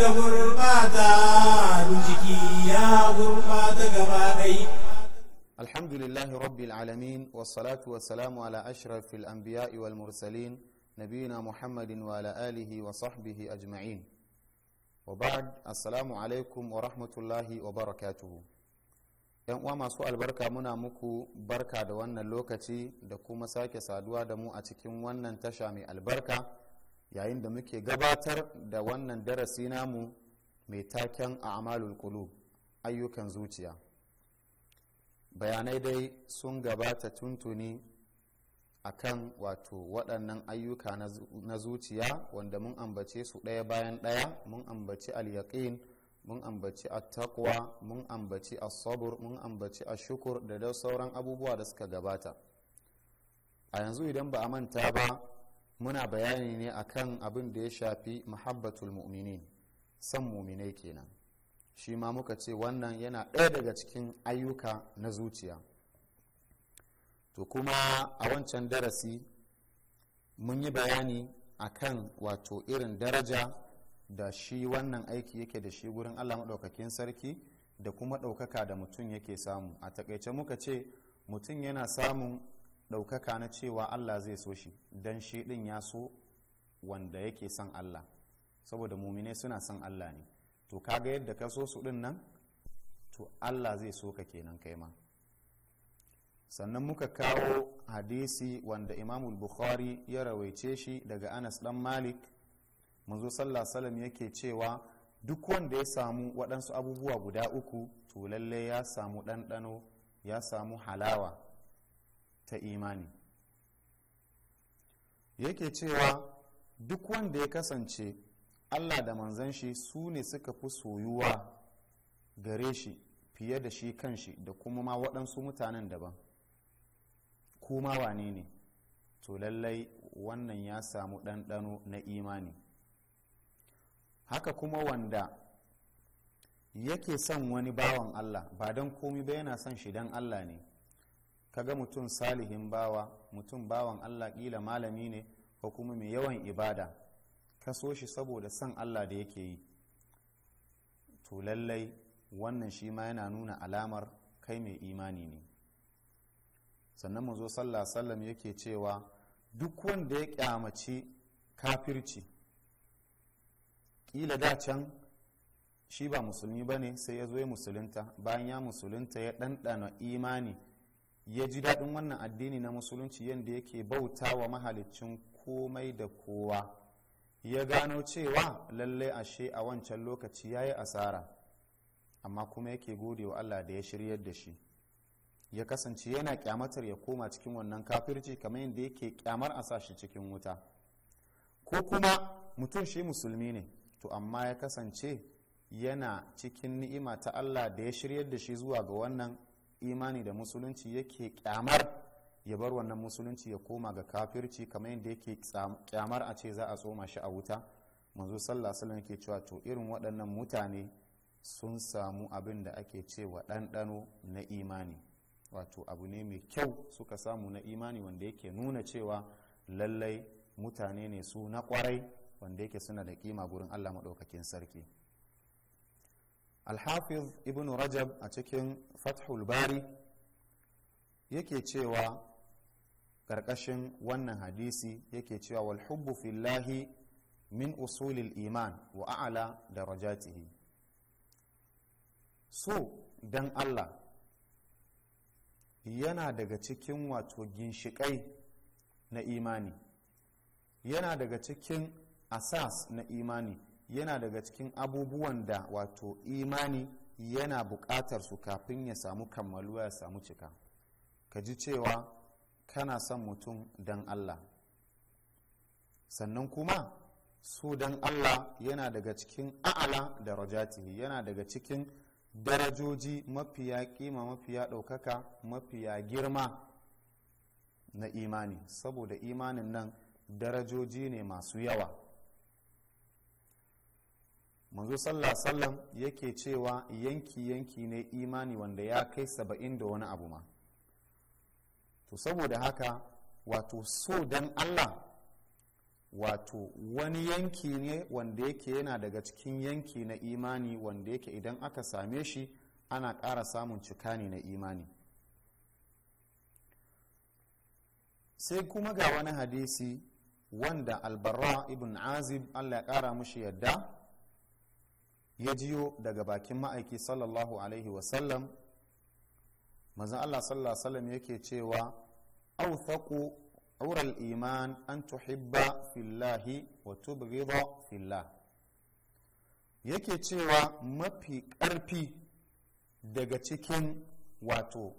da gurbata jiki ya gurbata gaba ɗai الحمد لله رب العالمين والصلاة والسلام على أشرف الأنبياء والمرسلين نبينا محمد وعلى آله وصحبه أجمعين وبعد السلام عليكم ورحمة الله وبركاته yan uwa masu albarka muna muku barka da wannan lokaci da kuma sake saduwa da mu a cikin wannan tasha mai albarka yayin da muke gabatar da wannan darasi namu mai taken a amalul ayyukan zuciya bayanai dai sun gabata tuntuni a kan wato waɗannan ayyuka na zuciya wanda mun ambace su ɗaya bayan ɗaya mun ambaci alyaƙin mun ambaci a takwa mun ambaci a sabur mun ambaci a shukur da da sauran abubuwa da suka gabata a yanzu idan ba a manta ba muna bayani ne akan abin da ya shafi muhabbatul mu'minin san muminai kenan shi ma muka ce wannan yana ɗaya daga cikin ayyuka na zuciya to kuma a wancan darasi mun yi bayani akan wato irin daraja da shi wannan aiki yake da shi gurin allah maɗaukakin sarki da kuma ɗaukaka da mutum yake samu a takaice muka ce mutum yana samun ɗaukaka na cewa allah zai so shi don shi ɗin ya so wanda yake son allah saboda mumine suna son allah ne to kaga yadda ka so su ɗin nan to allah zai so ka kenan kai ma sannan muka kawo hadisi wanda imamul bukhari ya rawaice shi daga anas dan malik manzo sallah salam yake cewa duk wanda ya samu waɗansu abubuwa guda uku to lalle ya samu ɗanɗano ya samu halawa ta imani yake cewa duk wanda ya kasance allah da manzan shi su ne suka fi soyuwa gare shi fiye da shi kanshi da kuma ma waɗansu mutanen daban kuma wane ne to lallai wannan ya samu ɗanɗano na imani haka kuma wanda yake son wani bawan allah ba don komi ba yana son shi don allah ne ka ga mutum salihin bawa mutum bawan allah kila malami ne ko kuma mai yawan ibada ka so shi saboda son allah da yake yi to lallai wannan shi ma yana nuna alamar kai mai imani ne sannan mu zo sallah sallam yake cewa duk wanda ya kyamaci kafirci kila da can shi ba musulmi ba ne sai ya zo ya musulunta bayan ya musulunta ya ɗanɗana imani ya ji daɗin wannan addini na musulunci yadda yake bauta wa mahalicin komai da kowa ya gano cewa lallai ashe a wancan lokaci ya yi asara amma kuma yake gode wa allah da ya shiryar da shi ya kasance yana kyamatar ya koma cikin wannan kafirci kamar yadda yake kyamar a sashi cikin wuta ko kuma mutum shi musulmi ne to amma ya kasance yana cikin ni'ima ta allah da ya shiryar da shi zuwa ga wannan imani da musulunci yake kyamar ya bar wannan musulunci ya koma ga kafirci kamar yadda yake kyamar a ce za a tsoma shi a wuta manzo sallah sallam yake cewa to irin waɗannan mutane sun samu abin da ake cewa ɗanɗano na imani wato abu ne mai kyau suka samu na imani wanda yake nuna cewa lallai mutane ne su na ƙwarai wanda yake suna da kima gurin allah maɗaukakin sarki alhafiz ibn rajab a cikin fathul bari yake cewa ƙarƙashin wannan hadisi yake cewa wal hubbu fillahi min usulil iman wa a'ala darajatihi so dan Allah yana daga cikin wato ginshiƙai na imani yana daga cikin asas na imani yana daga cikin abubuwan da wato imani yana buƙatar su kafin ya samu kammaluwa ya samu cika ka ji cewa kana son mutum don allah sannan kuma su don allah yana daga cikin a'ala da rajati yana daga cikin darajoji mafiya kima mafiya ɗaukaka mafiya girma na imani saboda imanin nan darajoji ne masu yawa manzo sallah sallam yake cewa yanki yanki ne imani wanda ya kai saba'in da wani abu ma to saboda haka wato so dan allah wato wani yanki ne wanda yake yana daga cikin yanki na imani wanda yake idan aka same shi ana ƙara samun cikani na imani sai kuma ga wani hadisi wanda albarra ibn azib allah ya ƙara mushi yadda ya jiyo daga bakin ma'aiki sallallahu alaihi wasallam manzon allah sallallahu alaihi wasallam yake cewa authaku aural iman an tuhibba fillahi wa tubghidha fillah yake cewa mafi ƙarfi daga cikin wato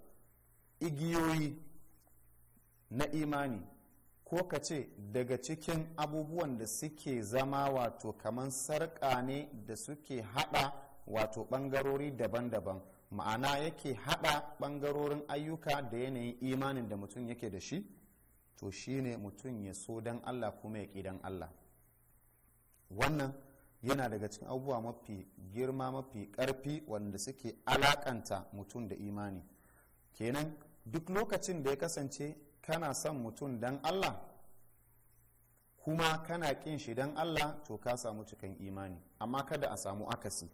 igiyoyi na imani ko ka ce daga cikin abubuwan da suke zama wato kamar sarƙa ne da suke haɗa wato ɓangarori daban-daban ma'ana yake haɗa ɓangarorin ayyuka da yanayin imanin da mutum yake da shi to shi ne mutum ya so don allah kuma ya ƙi allah wannan yana daga cikin abubuwa mafi girma mafi ƙarfi wanda suke alakanta mutum da imani kenan duk lokacin da ya kasance kana son mutum dan Allah kuma kana kin shi dan Allah to ka samu cikin imani amma kada a samu akasi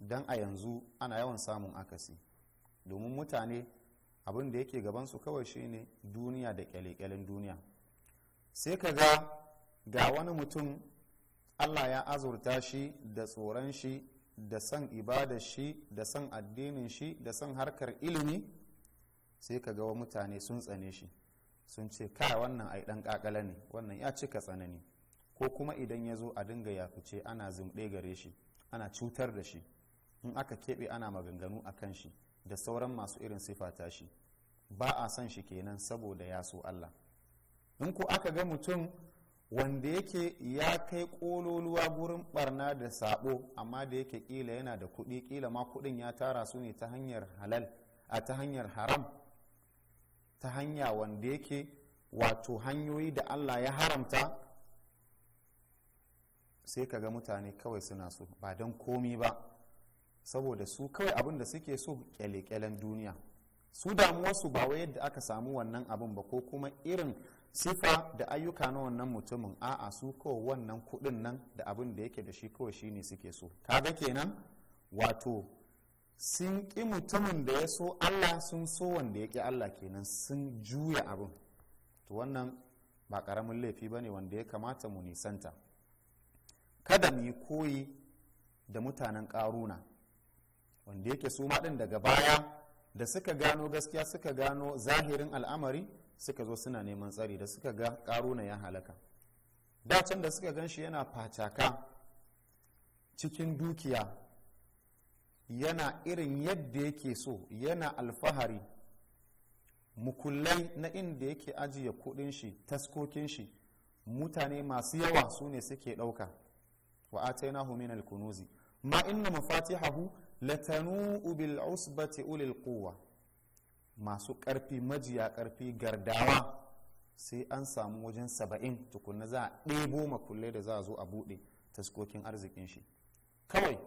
dan a yanzu ana yawan samun akasi domin mutane abin da yake gabansu kawai ne duniya da kyale-kyalen duniya sai ka ga ga wani mutum allah ya azurta shi da tsoron shi da san ibadar shi da san addinin shi da san harkar ilimi sai ka ga wa mutane sun tsane shi sun ce ka wannan ai dan kakala ne wannan ya cika tsanani ko kuma idan ya zo a dinga yafice ana zimɗe gare shi ana cutar da shi in aka keɓe ana maganganu a kan shi da sauran masu irin sifata shi ba a son shi kenan saboda ya so Allah in ko aka ga mutum wanda yake ya kai kololuwa gurin barna da sabo amma da yake kila yana da kuɗi kila ma kuɗin ya tara su ne ta hanyar halal a ta hanyar haram ta hanya wanda yake wato hanyoyi da allah ya haramta sai ka ga mutane kawai suna so ba don komi ba saboda su kawai abin da suke so kyale-kyalen duniya su damuwarsu ba wa yadda aka samu wannan abin ba ko kuma irin sifa da ayyuka na wannan mutumin a'a su kawai wannan kudin nan da abin da yake da shi kawai shine suke so kaga kenan wato sun ƙi mutumin da ya so allah sun so wanda ya ƙi allah kenan sun juya abin to wannan ba ƙaramin laifi ba ne wanda ya kamata mu nisanta kada mu yi koyi da mutanen ƙaruna wanda yake su maɗin daga baya da suka gano gaskiya suka gano zahirin al'amari suka zo suna neman tsari da suka ga ƙaruna ya halaka dacin da suka gan shi yana facaka cikin dukiya yana irin yadda yake so yana alfahari mukullai na inda yake ajiye kudin shi taskokin shi mutane masu yawa su ne suke ɗauka wa atainahu min alkunuzi ma inna mafatihahu latanu bil usbati ulil quwwa masu ƙarfi majiya karfi gardawa sai an samu wajen saba'in tukunna za a ɗebo makullai da za a zo a buɗe taskokin arzikin shi kawai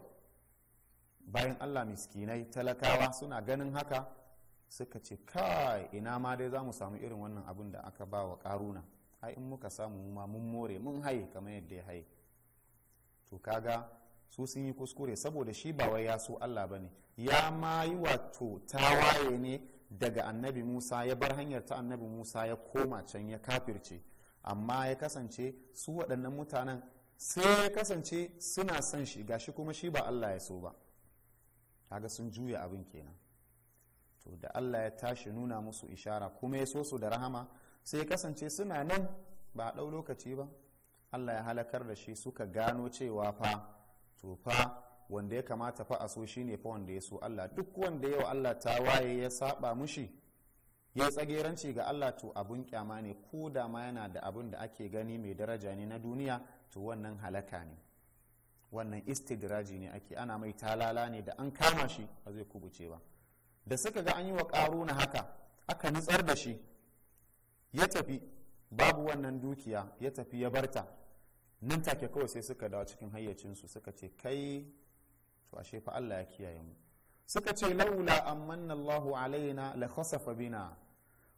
bayan allah miskinai talakawa suna ganin haka suka ce kai ina ma dai za mu samu irin wannan abin da aka ba wa karuna ai in muka samu ma mun more mun haye kamar yadda ya haye to kaga su sun yi kuskure saboda shi ba wai ya so Allah ba ne ya ma yi wato tawaye ne daga annabi Musa ya bar hanyar ta annabi Musa ya koma can ya kafirce amma ya kasance su waɗannan mutanen sai ya kasance suna son shi gashi kuma shi ba Allah ya so ba kaga sun juya abin kenan to da Allah ya tashi nuna musu ishara kuma ya so su da rahama sai kasance suna nan ba a ɗau lokaci ba Allah ya halakar da shi suka gano cewa fa to fa wanda ya kamata fa a so shine fa wanda ya so Allah duk wanda yau Allah ta waye ya saba mushi ya tsageranci ga Allah to abun kyama ne ko da ma yana da abun da ake gani mai daraja ne na duniya to wannan halaka ne wannan istidraji ne ake ana mai talala ne da an kama shi ba zai kubuce ba da suka ga an yi wa karuna haka aka nutsar da shi ya tafi babu wannan dukiya ya tafi ya barta nan take kawai sai suka dawo cikin hayyacinsu suka ce kai to ashe fa Allah ya kiyaye mu suka ce laula amanna Allahu alaina la khasafa bina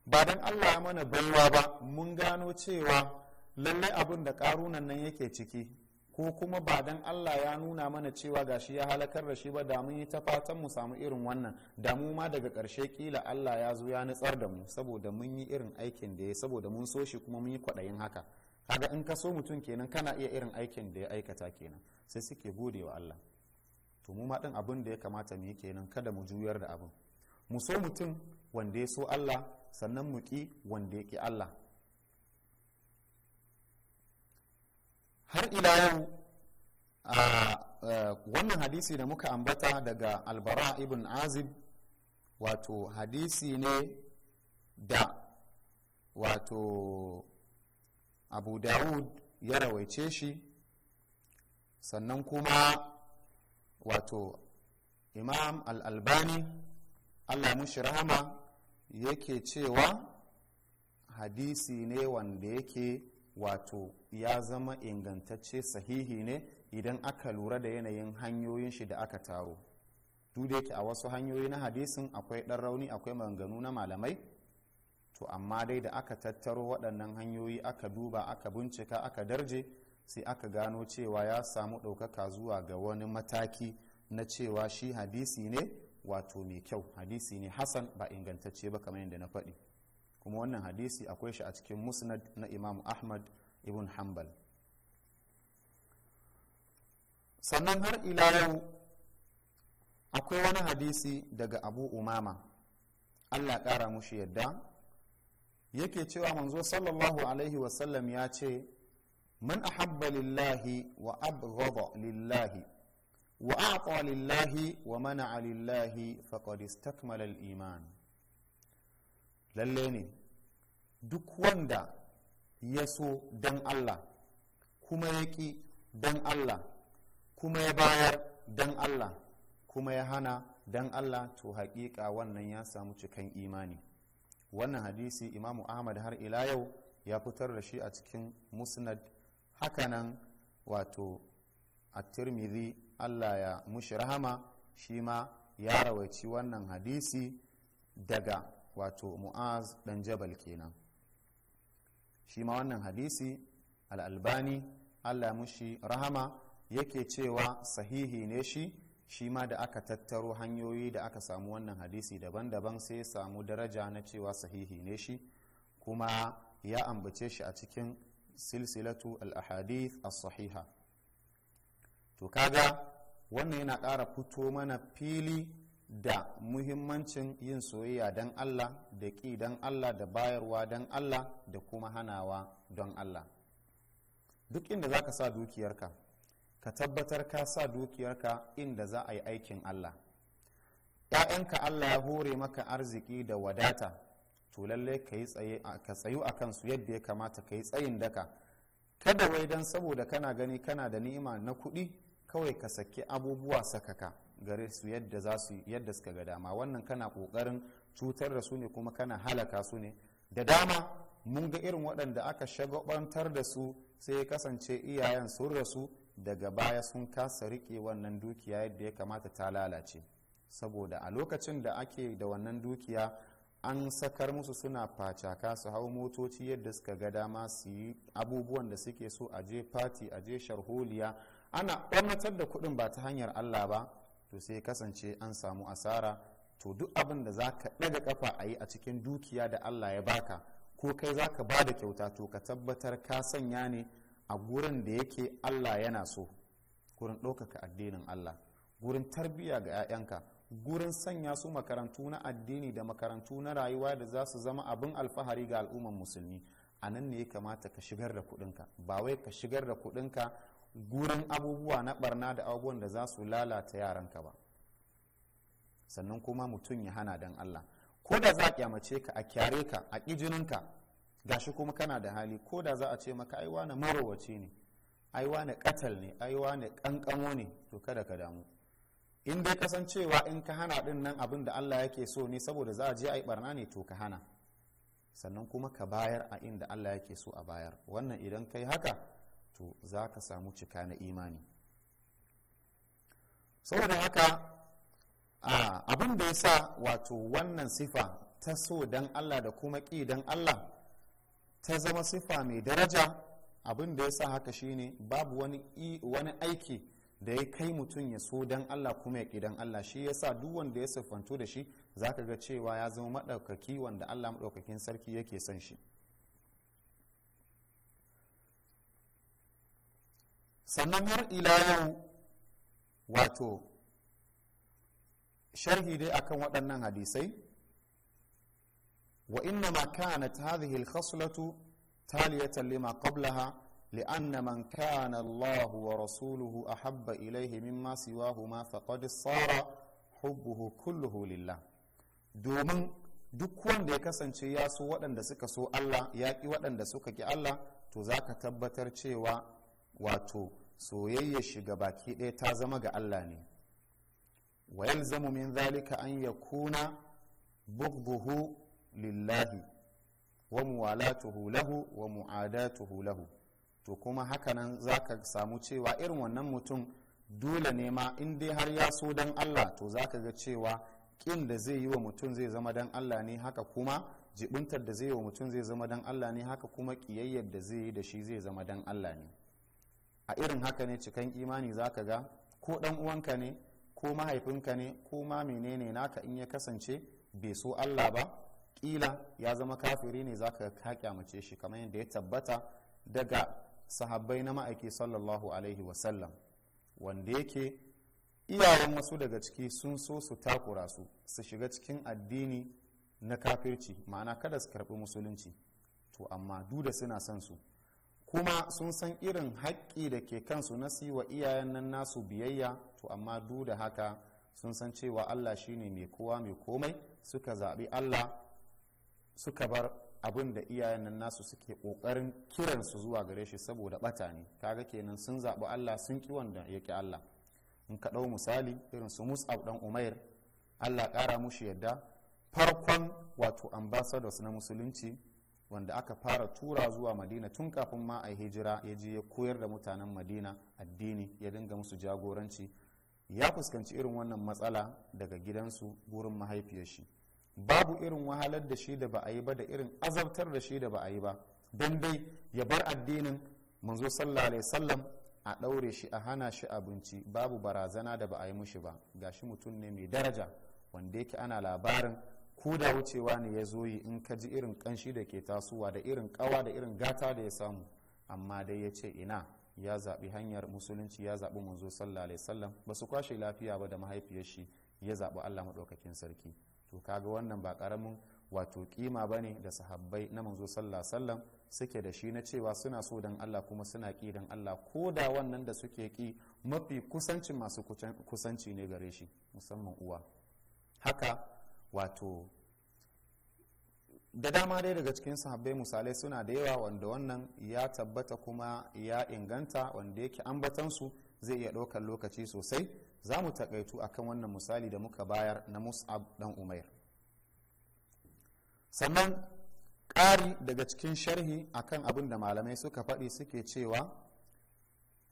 ba dan Allah ya mana baiwa ba mun gano cewa lallai abin da karunan nan yake ciki ko kuma ba dan Allah ya nuna mana cewa gashi ya halakar da shi ba da mun yi ta fatan mu samu irin wannan da mu ma daga karshe kila Allah ya zo ya nutsar da mu saboda mun yi irin aikin da ya saboda mun so shi kuma mun yi kwaɗayin haka kaga in ka so mutum kenan kana iya irin aikin da ya aikata kenan sai suke gode wa Allah to mu ma din abin da ya kamata mu yi kenan kada mu juyar da abin mu so mutum wanda ya so Allah sannan mu ki wanda ya ki Allah har ila yau wannan hadisi da muka ambata daga albara ibn azib wato hadisi ne da wato abu dawud ya rawaice shi sannan kuma wato imam Al albani allah mushi rahama yake cewa hadisi ne wanda yake wato ya zama ingantacce sahihi ne idan aka lura da yanayin hanyoyin shi da aka taro duk a wasu hanyoyi na hadisin akwai ɗan rauni akwai maganganu na malamai to amma dai da aka tattaro waɗannan hanyoyi aka duba aka bincika aka darje sai aka gano cewa ya samu ɗaukaka zuwa ga wani mataki na cewa shi hadisi ne wato mai kyau hadisi ne hasan ba ingantacce ba kamar yadda na faɗi kuma wannan hadisi akwai shi a cikin musnad na imamu ahmad ibn hanbal sannan har ila yau akwai wani hadisi daga abu umama allah ƙara mushi yadda yake cewa manzo sallallahu alaihi wasallam ya ce man ahabba lillahi wa abghada lillahi wa a'ta lillahi wa mana'a lillahi faqad istakmala al-iman lalle ne duk wanda ya so don Allah kuma ya ƙi don Allah kuma ya bayar don Allah kuma ya hana don Allah to haƙiƙa wannan ya samu cikin imani wannan hadisi imamu ahmad har ila yau ya fitar da shi a cikin musnad hakanan wato a tirmidhi allah ya mushi rahama shi ma ya rawaici wannan hadisi daga wato mu'az dan jabal kenan shi ma wannan hadisi al'albani allah mushi rahama yake cewa sahihi ne shi shi ma da aka tattaro hanyoyi da aka samu wannan hadisi daban-daban sai ya samu daraja na cewa sahihi ne shi kuma ya ambace shi a cikin silsilatu al-ahadith as-sahiha to kaga wannan yana ƙara fito mana fili da muhimmancin yin soyayya don Allah da ƙi don Allah da bayarwa don Allah da kuma hanawa don Allah duk inda za ka sa dukiyarka ka tabbatar ka sa dukiyarka inda za a yi aikin Allah ‘ya'yanka Allah ya hore maka arziki da wadata to lallai ka tsayu a kansu yadda ya kamata ka yi tsayin daka kada wai don saboda kana gani kana da ni'ima na kuɗi kawai ka saki abubuwa sakaka gare su yadda za su yadda suka ga dama wannan kana kokarin cutar da su ne kuma kana halaka su ne da dama mun ga irin waɗanda aka shagabantar da su sai ya kasance iyayen sun rasu daga baya sun kasa rike wannan dukiya yadda ya kamata ta lalace saboda a lokacin da ake da wannan dukiya an sakar musu suna facaka su hau motoci yadda suka ga dama su yi abubuwan da suke so a je fati a je sharholiya ana ɓarnatar da kuɗin ba ta hanyar allah ba to sai kasance an samu asara to duk abin da za ka ɗaga kafa a yi a cikin dukiya da allah ya baka ko kai za ka ba da kyauta to ka tabbatar ka sanya ne a gurin da yake allah yana so gurin ɗaukaka addinin allah gurin tarbiyya ga 'ya'yanka gurin sanya su makarantu na addini da makarantu na rayuwa da za su zama abin alfahari ga al'umman musulmi a nan ne ya kamata ka shigar da kudinka ba wai ka shigar da kudinka gurin abubuwa na barna da abubuwan da za su lalata yaranka ba sannan kuma mutum ya hana dan Allah ko da za a kyamace ka a kyare ka a ƙijininka gashi kuma kana da hali ko da za a ce maka aiwa na marowaci ne aiwa na katal ne aiwa na kankamo ne to kada ka damu in dai kasancewa in ka hana din nan abin da Allah yake so ne saboda za a je a yi barna ne to ka hana sannan kuma ka bayar a inda Allah yake so a bayar wannan idan kai haka to za ka samu cika na imani saboda haka abin da ya sa wato wannan sifa ta so dan allah da kuma ƙi don allah ta zama sifa mai daraja abin da ya sa haka shine babu wani aiki da ya kai mutum ya so dan Allah kuma ya don Allah shi yasa duk wanda ya siffantu da shi za ka ga cewa ya zama maɗaukaki wanda Allah maɗaukakin sarki yake son shi sannan har ila yau wato sharhi dai akan waɗannan hadisai wa inna ma kanat hadhihi al-khaslatu taliyatan lima qablaha لأن من كان الله ورسوله أحب إليه مما سواهما فقد صار حبه كله لله domin duk wanda ya kasance ya so waɗanda suka so Allah ya ƙi waɗanda suka ƙi Allah to za ka tabbatar cewa wato soyayyar shi ga baki ɗaya ta zama ga Allah ne wa yalzamu min zalika an yakuna buhu lillahi wa muwalatuhu lahu wa mu'adatuhu lahu to kuma haka hakanan zaka samu cewa irin wannan mutum dole ne ma in dai har ya so dan Allah to zaka ga cewa kin da zai yi wa mutum zai zama dan Allah ne haka kuma jibintar da zai yi wa mutum zai zama dan Allah ne haka kuma kiyayyar da zai yi da shi zai zama dan Allah ne a irin haka ne cikan imani za ka ga ko ɗan uwanka ne ko mahaifinka ne ko ma menene naka in ya kasance bai so allah ba ƙila ya zama kafiri ne za ka ka kyamace shi kamar yadda ya tabbata daga sahabbai na ma'aiki sallallahu alaihi wasallam wanda yake iyayen wasu daga ciki sun so su takura su su shiga cikin addini na kafirci ma'ana kada su karɓi musulunci to amma duk da suna son su kuma sun san irin haƙƙi da ke kansu na siwa iyayen nan nasu biyayya to amma du da haka sun san cewa allah shine mai kowa mai komai suka zaɓi allah suka bar abin da iyayen nan nasu suke ƙoƙarin kiransu zuwa gare shi saboda ɓata ne kaga kenan sun zaɓi allah sun ƙi wanda ya ƙi allah in ka ɗau misali irin su mus'ab ɗan umair allah ƙara mushi yadda farkon wato ambassadors na musulunci wanda aka fara tura zuwa madina tun kafin ma a hijira ya je ya koyar da mutanen madina addini ya dinga musu jagoranci ya fuskanci irin wannan matsala daga gidansu gurin mahaifiyarshi. babu irin wahalar da shi da ba a yi ba da irin azabtar da shi da ba a yi ba don dai ya bar addinin manzo sallallahu alaihi wasallam a ɗaure shi a hana shi abinci babu barazana da ba a yi mushi ba ga shi mutum ne mai daraja wanda yake ana labarin ko da wucewa ne ya zo yi in ka ji irin kanshi da ke tasowa da irin kawa da irin gata da ya samu amma dai ya ce ina ya zaɓi hanyar musulunci ya zaɓi manzo sallallahu alaihi wasallam ba su kwashe lafiya ba da mahaifiyar shi ya zaɓi Allah maɗaukakin sarki to kaga wannan ba karamin wato kima bane da sahabbai na manzo sallallahu alaihi wasallam suke da shi na cewa suna so dan Allah kuma suna ki dan Allah ko da wannan da suke ki mafi kusancin masu kusanci ne gare shi musamman uwa haka wato da dama dai daga cikin sahabbai misalai suna da yawa wanda wannan ya tabbata kuma ya inganta wanda yake ambatansu zai iya ɗaukar lokaci sosai za mu takaitu akan wannan misali da muka bayar na mus'ab dan umair sannan ƙari daga cikin sharhi akan abin da malamai suka faɗi suke cewa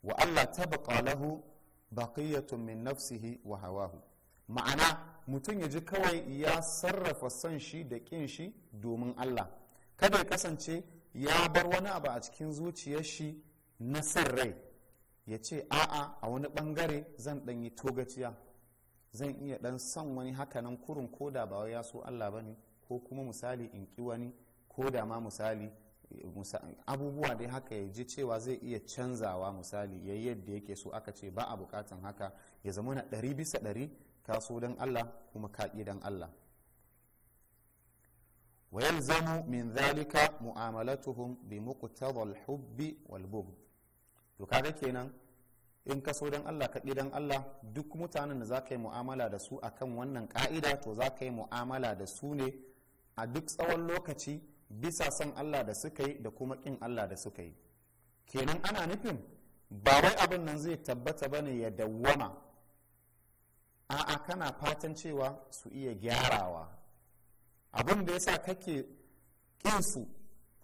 wa allah ta lahu baƙiyyatun min nafsihi wa hawahu ma'ana mutum ya ji kawai ya sarrafa son shi da ƙin shi domin allah kada ya kasance ya bar wani abu a cikin zuciyar shi na son rai ya ce a'a a wani bangare zan ɗan yi togaciya zan iya ɗan son wani hakanan kurin ko da ba ya so allah ba ne ko kuma misali in ki wani ko da ma misali abubuwa dai haka ya ji cewa zai iya canzawa misali ya yadda yake so aka ce ba a bukatan haka ya zama na ɗari bisa ɗari ka so don Allah kuma ka ƙi don Allah wa yalzamu min zalika mu'amalatuhum bi muqtadal hubbi wal bughd to kaga kenan in ka so don Allah ka ƙi don Allah duk mutanen da za ka yi mu'amala da su akan wannan ka'ida to za ka yi mu'amala da su ne a duk tsawon lokaci bisa son Allah da suka yi da kuma ƙin Allah da suka yi kenan ana nufin ba wai abin nan zai tabbata bane ya dawwama a'a kana fatan cewa su iya gyarawa abin da yasa kake su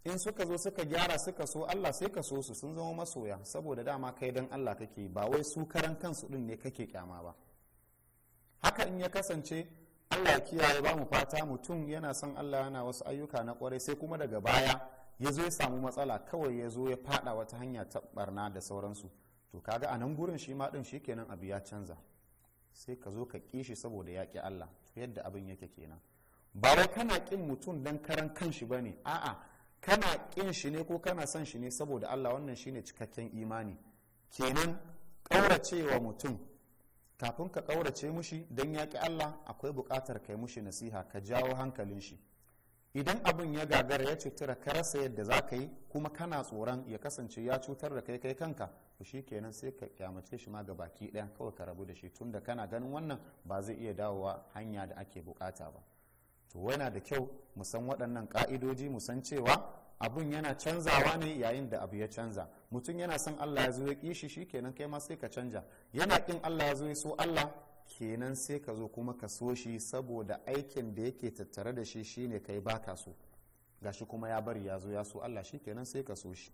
in suka zo suka gyara suka so Allah sai ka so su sun zama masoya saboda dama kai don Allah kake ba wai su karan kansu din ne kake kyama ba haka in ya kasance Allah ya kiyaye ba mu fata mutum yana son Allah yana wasu ayyuka na kwarai sai kuma daga baya ya zo ya samu matsala kawai ya zo ya fada wata hanya ta barna da sauransu to kaga a nan gurin shi ma din kenan abu ya canza sai ka zo ka kishi saboda ya ƙi Allah yadda abin yake kenan ba wai kana ƙin mutum don karan kanshi ba ne a'a kana ƙin shi ne ko kana son shi ne saboda Allah wannan shine cikakken imani kenan wa mutum kafin ka ƙaurace mushi don ya ƙi Allah akwai buƙatar kai mushi nasiha ka jawo hankalin shi idan abin ya gagara ya cutar ka rasa yadda za ka yi kuma kana tsoron ya kasance ya cutar da kai kai kanka to shi kenan sai ka kyamace shi ma ga baki ɗaya kawai ka rabu da shi tunda kana ganin wannan ba zai iya dawowa hanya da ake bukata ba to yana da kyau mu san waɗannan ka'idoji mu san cewa abun yana canzawa ne yayin da abu ya canza mutum yana son Allah ya zo ya ƙi shi kenan kai ma sai ka canja yana ƙin Allah ya zo ya so Allah kenan sai ka zo kuma ka so shi saboda aikin da yake tattare da shi shine kai ba ka so gashi kuma ya bari ya zo ya so Allah shi kenan sai ka so shi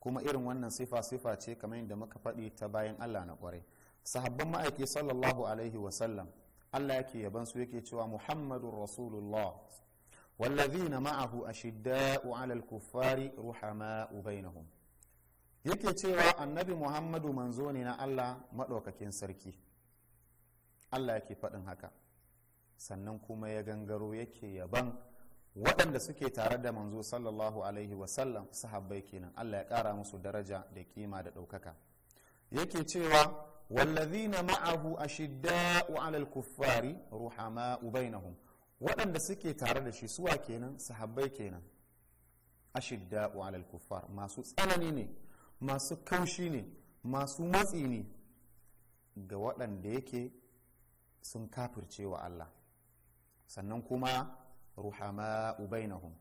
kuma irin wannan sifa sifa ce kamar yadda muka faɗi ta bayan Allah na kwarai sahabban ma'aiki sallallahu alaihi sallam Allah yake yaban su yake cewa Muhammadun Rasulullah wallazina ma'ahu ashidda'u 'alal kuffari ruhama'u bainahum yake cewa annabi muhammadu manzo ne na allah maɗaukakin sarki allah yake faɗin haka sannan kuma ya gangaro yake yaban waɗanda suke tare da manzo sallallahu alaihi wasallam sahabbai kenan allah ya ƙara musu daraja da kima da ɗaukaka yake cewa wallazina ma'ahu ashidda'u alal kuffari ruhama'u bainahum waɗanda suke tare da shi suwa kenan sahabbai kenan ashidda'u alal kuffar masu tsanani ne masu kaushi ne masu matsi ne ga waɗanda yake sun kafirce wa Allah sannan kuma ruhama ubainahum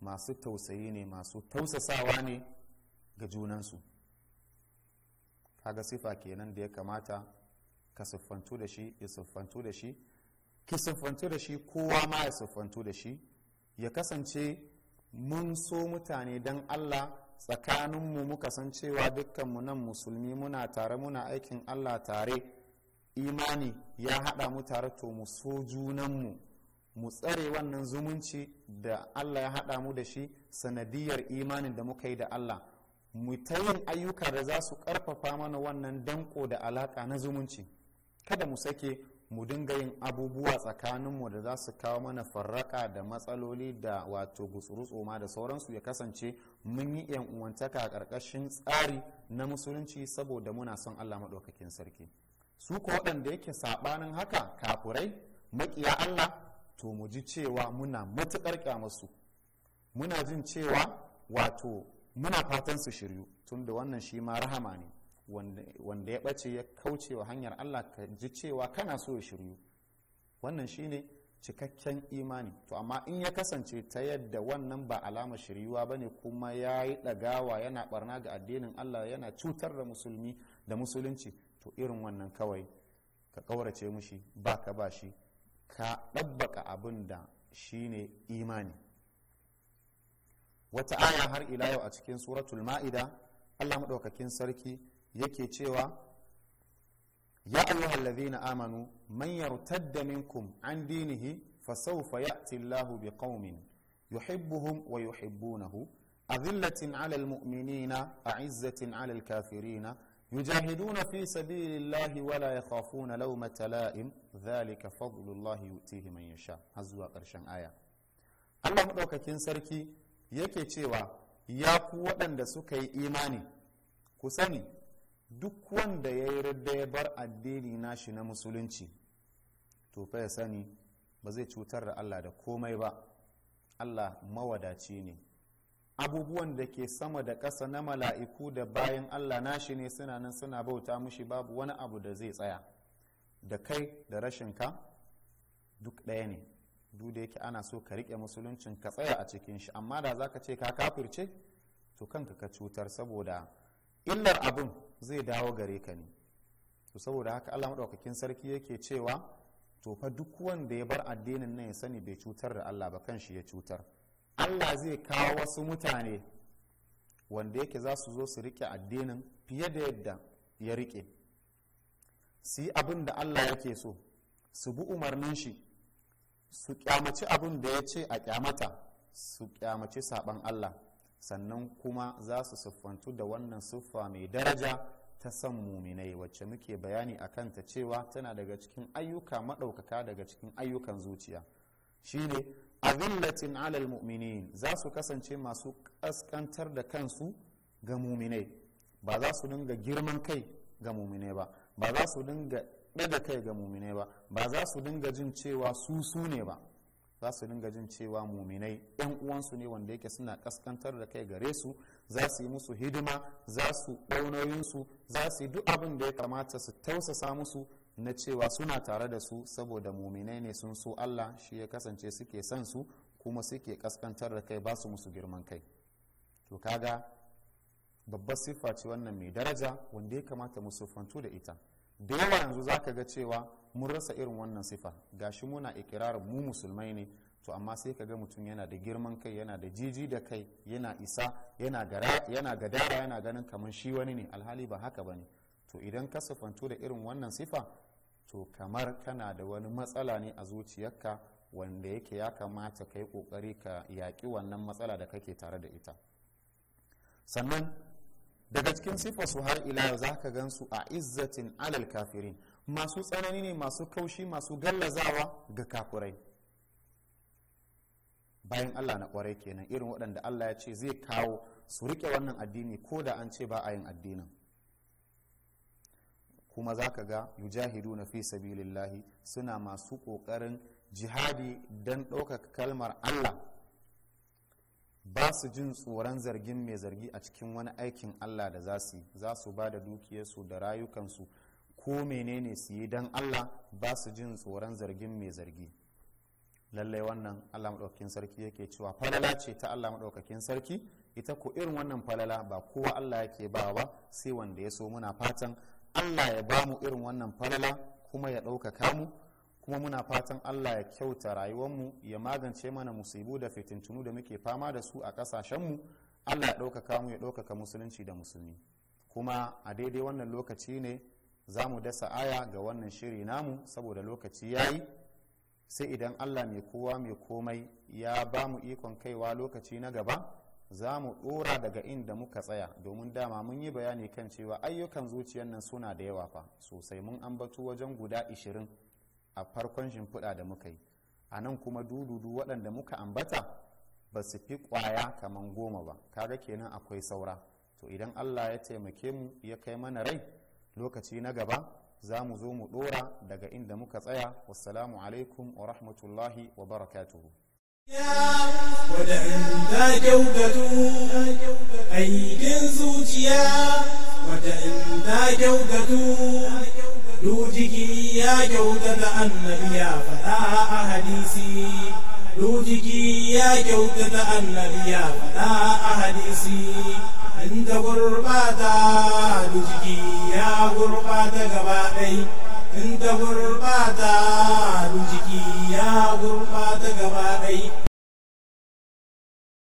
masu tausayi ne masu tausasawa ne ga junansu kaga sifa kenan da ya kamata ka siffantu da shi ya siffantu da shi ki siffantu da shi kowa ma ya siffantu da shi ya kasance mun so mutane don Allah tsakaninmu muka san cewa dukkanmu nan musulmi muna tare muna aikin allah tare imani ya haɗa mu tare to mu so junanmu mu tsare wannan zumunci da allah ya haɗa mu da shi sanadiyar imanin da muka yi da allah mu ta yin ayyuka da za su ƙarfafa mana wannan danko da alaƙa na zumunci kada mu sake mu dinga yin abubuwa tsakaninmu da za su kawo mana farraka da matsaloli da wato gutsurutsu, ma da sauransu ya kasance mun yi yan uwantaka a ƙarƙashin tsari na musulunci saboda muna son allah maɗaukakin sarki su ko waɗanda yake saɓanin haka kafurai maƙiya allah to mu ji cewa muna matuƙar ƙyamarsu muna jin cewa wato muna fatan su shiryu tunda wannan shi ma rahama ne wanda ya ɓace ya kauce wa hanyar Allah ka ji cewa kana so ya shiryu wannan shine cikakken imani to amma in ya kasance ta yadda wannan ba alama shiryuwa ba ne kuma ya yi ɗagawa yana ɓarna ga addinin Allah yana cutar da musulmi da musulunci to irin wannan kawai ka ƙaurace mushi ba ka ba shi ka ɗabbaka abin da ne imani wata aya har ila yau a cikin suratul ma'ida Allah maɗaukakin sarki yake cewa ya ayyuhal ladhina amanu man yartadda minkum an dinihi fasawfa ya'ti Allahu bi qaumin yuhibbuhum wa yuhibbunahu أذلة 'ala almu'minina a'izzatin 'ala الكافرين يجاهدون في سبيل الله ولا يخافون لومة لائم ذلك فضل الله يؤتيه من يشاء هزوا قرشان آية الله مدوكاكين سركي yake cewa ya ku waɗanda suka yi imani ku sani duk wanda ya yi radda ya bar addini nashi na musulunci to fa ya sani ba zai cutar da allah da komai ba allah mawadaci ne abubuwan da ke sama da ƙasa na mala'iku da bayan allah nashi ne suna nan suna bauta mushi babu wani abu da zai tsaya da kai da rashin ka duk ɗaya ne duk da yake ana so ka riƙe musuluncin ka tsaya a cikin shi amma da za ka ce ka kafirce to kanka ka cutar saboda illar abin zai dawo gare ka ne to saboda haka Allah madaukakin sarki yake cewa to fa duk wanda ya bar addinin nan ya sani bai cutar da Allah ba kanshi ya cutar Allah zai kawo wasu mutane wanda yake za su zo su rike addinin fiye da yadda ya rike su yi abin da Allah yake so su bi umarnin shi su kyamaci abin da ya ce a kyamata su kyamaci saban Allah sannan kuma za su siffantu da wannan siffa mai daraja ta san muminai wacce muke bayani a kanta cewa tana daga cikin ayyuka maɗaukaka daga cikin ayyukan zuciya shine azillatin alal mu'minin za su kasance masu ƙasƙantar da kansu ga muminai ba za su dinga girman kai ga muminai ba ba za su dinga ɗaga kai ga muminai ba ba za su dinga jin cewa su su ne ba za su dinga jin cewa muminai yan uwansu ne wanda yake suna kaskantar da kai gare su za su yi musu hidima za su ɗaunoyinsu za su yi duk abin da ya kamata su tausasa musu na cewa suna tare da su saboda muminai ne sun so allah shi ya kasance suke son su kuma suke kaskantar da kai ba su musu girman kai to kaga babbar siffa ce wannan mai daraja wanda ya kamata mu siffantu da ita da yawa yanzu za ka ga cewa mun rasa irin wannan sifa gashi muna ikirarin mu musulmai ne to amma sai ka ga mutum yana da girman kai yana da jiji da kai yana isa yana gara yana gadara yana ganin kamar shi wani ne alhali ba haka bane to idan ka sifantu da irin wannan sifa to kamar kana da wani matsala ne a zuciyarka wanda yake ya kamata ka yi kokari ka yaƙi wannan matsala da kake tare da ita sannan daga cikin su har ila yau za ka gansu a izzatin alal kafirin masu tsanani ne masu kaushi masu gallazawa ga kafirai bayan allah na kwarai kenan irin waɗanda allah ya ce zai kawo su riƙe wannan addini ko da an ce ba a yin addinin kuma za ka ga yujahidu na fi sabilillahi suna masu ƙoƙarin jihadi don ɗaukaka kalmar allah ba su jin tsoron zargin mai zargi a cikin wani aikin allah da za su yi za su ba da dukiyarsu da rayukansu ko menene su yi don allah ba su jin tsoron zargin mai zargi lallai wannan allah maɗaukakin sarki yake cewa falala ce ta allah maɗaukakin sarki ita ko irin wannan falala ba kowa allah yake ba ba sai wanda ya so muna fatan allah ya ba mu irin wannan falala kuma ya ɗaukaka mu kuma muna fatan allah ya kyauta rayuwarmu ya magance mana musibu da fitintunu da muke fama da su a kasashenmu allah ya ɗaukaka mu ya ɗaukaka musulunci da musulmi kuma a daidai wannan lokaci ne za mu dasa aya ga wannan shiri namu saboda lokaci ya yi sai idan allah mai kowa mai komai ya ba mu ikon kaiwa lokaci na gaba za mu ɗora daga inda muka tsaya domin dama mun yi bayani kan cewa ayyukan zuciyar nan suna da yawa fa sosai mun ambato wajen guda ishirin a farkon shimfiɗa da muka yi a nan kuma dududu waɗanda muka ambata ba su fi ƙwaya kamar goma ba kaga kenan akwai saura to idan allah ya taimake mu ya kai mana rai lokaci na gaba za mu zo mu ɗora daga inda muka tsaya wasalamu alaikum wa rahmatullahi wa barakatuhu aikin zuciya Rujiki ya kyautata annabi ya faɗa a hadisi. Rujiki ya kyautata annabi ya faɗa a hadisi. In ta gurɓata rujiki ya gurɓata gaba ɗai. In ta gurɓata rujiki ya gurɓata gaba ɗai.